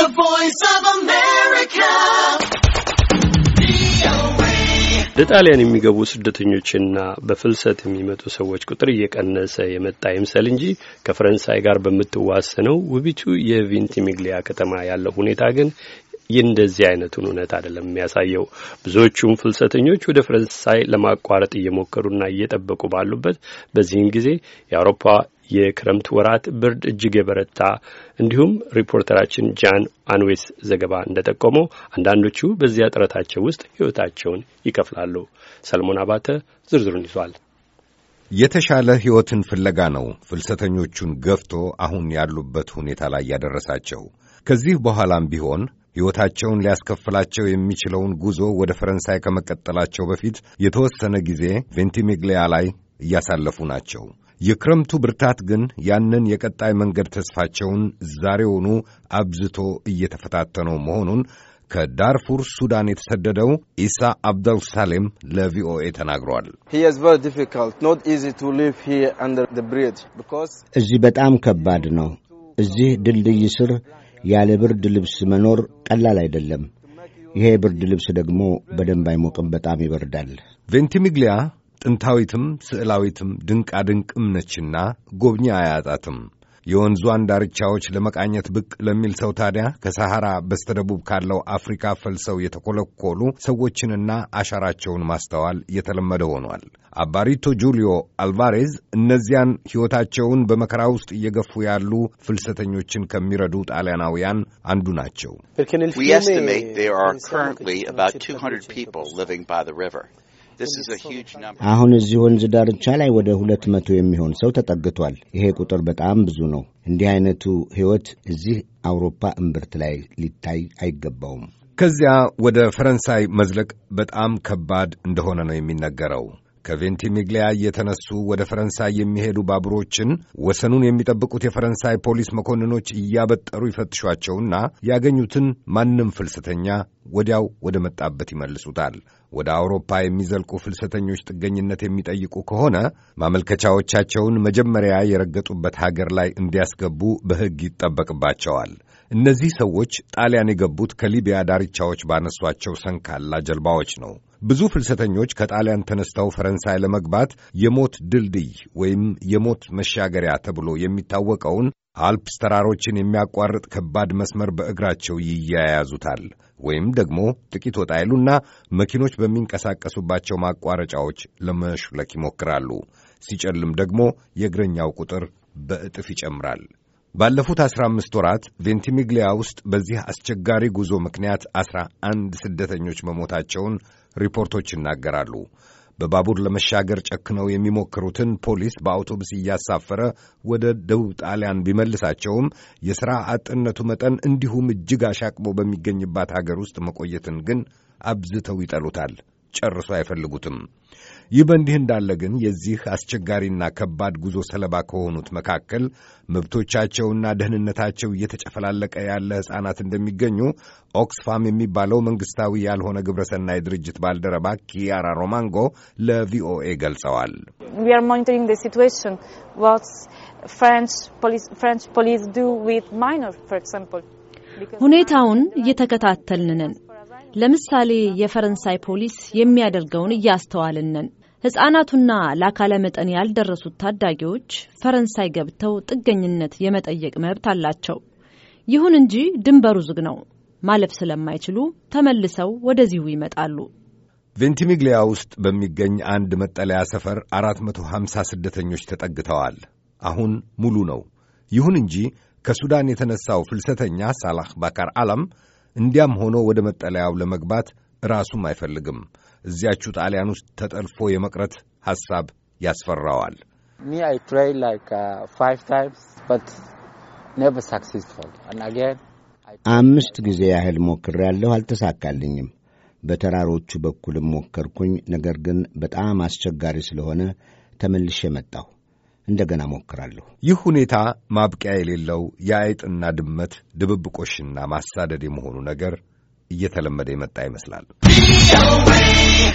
The Voice of America. ለጣሊያን የሚገቡ ስደተኞችና በፍልሰት የሚመጡ ሰዎች ቁጥር እየቀነሰ የመጣ ይምሰል እንጂ ከፈረንሳይ ጋር በምትዋሰነው ውቢቱ የቬንቲሚግሊያ ከተማ ያለው ሁኔታ ግን እንደዚህ አይነቱን እውነት አይደለም የሚያሳየው። ብዙዎቹም ፍልሰተኞች ወደ ፈረንሳይ ለማቋረጥ እየሞከሩና እየጠበቁ ባሉበት በዚህን ጊዜ የአውሮፓ የክረምት ወራት ብርድ እጅግ የበረታ እንዲሁም ሪፖርተራችን ጃን አንዌስ ዘገባ እንደጠቆመው አንዳንዶቹ በዚያ ጥረታቸው ውስጥ ሕይወታቸውን ይከፍላሉ። ሰልሞን አባተ ዝርዝሩን ይዟል። የተሻለ ሕይወትን ፍለጋ ነው ፍልሰተኞቹን ገፍቶ አሁን ያሉበት ሁኔታ ላይ ያደረሳቸው። ከዚህ በኋላም ቢሆን ሕይወታቸውን ሊያስከፍላቸው የሚችለውን ጉዞ ወደ ፈረንሳይ ከመቀጠላቸው በፊት የተወሰነ ጊዜ ቬንቲሜግሊያ ላይ እያሳለፉ ናቸው። የክረምቱ ብርታት ግን ያንን የቀጣይ መንገድ ተስፋቸውን ዛሬውኑ አብዝቶ እየተፈታተነው መሆኑን ከዳርፉር ሱዳን የተሰደደው ኢሳ አብደል ሳሌም ለቪኦኤ ተናግሯል። እዚህ በጣም ከባድ ነው። እዚህ ድልድይ ስር ያለ ብርድ ልብስ መኖር ቀላል አይደለም። ይሄ ብርድ ልብስ ደግሞ በደንብ አይሞቅም፣ በጣም ይበርዳል። ቬንቲሚግሊያ ጥንታዊትም ስዕላዊትም ድንቃ ድንቅም ነችና ጎብኚ አያጣትም። የወንዟን ዳርቻዎች ለመቃኘት ብቅ ለሚል ሰው ታዲያ ከሰሐራ በስተደቡብ ካለው አፍሪካ ፈልሰው የተኰለኰሉ ሰዎችንና አሻራቸውን ማስተዋል የተለመደ ሆኗል። አባሪቶ ጁሊዮ አልቫሬዝ እነዚያን ሕይወታቸውን በመከራ ውስጥ እየገፉ ያሉ ፍልሰተኞችን ከሚረዱ ጣሊያናውያን አንዱ ናቸው። አሁን እዚህ ወንዝ ዳርቻ ላይ ወደ ሁለት መቶ የሚሆን ሰው ተጠግቷል። ይሄ ቁጥር በጣም ብዙ ነው። እንዲህ አይነቱ ሕይወት እዚህ አውሮፓ እምብርት ላይ ሊታይ አይገባውም። ከዚያ ወደ ፈረንሳይ መዝለቅ በጣም ከባድ እንደሆነ ነው የሚነገረው። ከቬንቲሚግሊያ እየተነሱ ወደ ፈረንሳይ የሚሄዱ ባቡሮችን ወሰኑን የሚጠብቁት የፈረንሳይ ፖሊስ መኮንኖች እያበጠሩ ይፈትሿቸውና ያገኙትን ማንም ፍልሰተኛ ወዲያው ወደ መጣበት ይመልሱታል። ወደ አውሮፓ የሚዘልቁ ፍልሰተኞች ጥገኝነት የሚጠይቁ ከሆነ ማመልከቻዎቻቸውን መጀመሪያ የረገጡበት ሀገር ላይ እንዲያስገቡ በሕግ ይጠበቅባቸዋል። እነዚህ ሰዎች ጣሊያን የገቡት ከሊቢያ ዳርቻዎች ባነሷቸው ሰንካላ ጀልባዎች ነው። ብዙ ፍልሰተኞች ከጣሊያን ተነስተው ፈረንሳይ ለመግባት የሞት ድልድይ ወይም የሞት መሻገሪያ ተብሎ የሚታወቀውን አልፕስ ተራሮችን የሚያቋርጥ ከባድ መስመር በእግራቸው ይያያዙታል። ወይም ደግሞ ጥቂት ወጣ ይሉና መኪኖች በሚንቀሳቀሱባቸው ማቋረጫዎች ለመሹለክ ይሞክራሉ። ሲጨልም ደግሞ የእግረኛው ቁጥር በእጥፍ ይጨምራል። ባለፉት አስራ አምስት ወራት ቬንቲሚግሊያ ውስጥ በዚህ አስቸጋሪ ጉዞ ምክንያት አስራ አንድ ስደተኞች መሞታቸውን ሪፖርቶች ይናገራሉ። በባቡር ለመሻገር ጨክነው የሚሞክሩትን ፖሊስ በአውቶቡስ እያሳፈረ ወደ ደቡብ ጣሊያን ቢመልሳቸውም የሥራ አጥነቱ መጠን እንዲሁም እጅግ አሻቅቦ በሚገኝባት አገር ውስጥ መቆየትን ግን አብዝተው ይጠሉታል። ጨርሶ አይፈልጉትም። ይህ በእንዲህ እንዳለ ግን የዚህ አስቸጋሪና ከባድ ጉዞ ሰለባ ከሆኑት መካከል መብቶቻቸውና ደህንነታቸው እየተጨፈላለቀ ያለ ሕፃናት እንደሚገኙ ኦክስፋም የሚባለው መንግሥታዊ ያልሆነ ግብረሰናይ ድርጅት ባልደረባ ኪያራ ሮማንጎ ለቪኦኤ ገልጸዋል። ሁኔታውን እየተከታተልን ነን። ለምሳሌ የፈረንሳይ ፖሊስ የሚያደርገውን እያስተዋልን ነን። ሕፃናቱና ለአካለ መጠን ያልደረሱት ታዳጊዎች ፈረንሳይ ገብተው ጥገኝነት የመጠየቅ መብት አላቸው። ይሁን እንጂ ድንበሩ ዝግ ነው። ማለፍ ስለማይችሉ ተመልሰው ወደዚሁ ይመጣሉ። ቬንቲሚግሊያ ውስጥ በሚገኝ አንድ መጠለያ ሰፈር 450 ስደተኞች ተጠግተዋል። አሁን ሙሉ ነው። ይሁን እንጂ ከሱዳን የተነሳው ፍልሰተኛ ሳላህ ባካር አለም! እንዲያም ሆኖ ወደ መጠለያው ለመግባት ራሱም አይፈልግም። እዚያችሁ ጣሊያን ውስጥ ተጠልፎ የመቅረት ሐሳብ ያስፈራዋል። uh, አምስት ጊዜ ያህል ሞክሬያለሁ፣ አልተሳካልኝም። በተራሮቹ በኩልም ሞከርኩኝ፣ ነገር ግን በጣም አስቸጋሪ ስለሆነ ተመልሼ መጣሁ። እንደገና ሞክራለሁ። ይህ ሁኔታ ማብቂያ የሌለው የአይጥና ድመት ድብብቆሽና ማሳደድ የመሆኑ ነገር እየተለመደ የመጣ ይመስላል።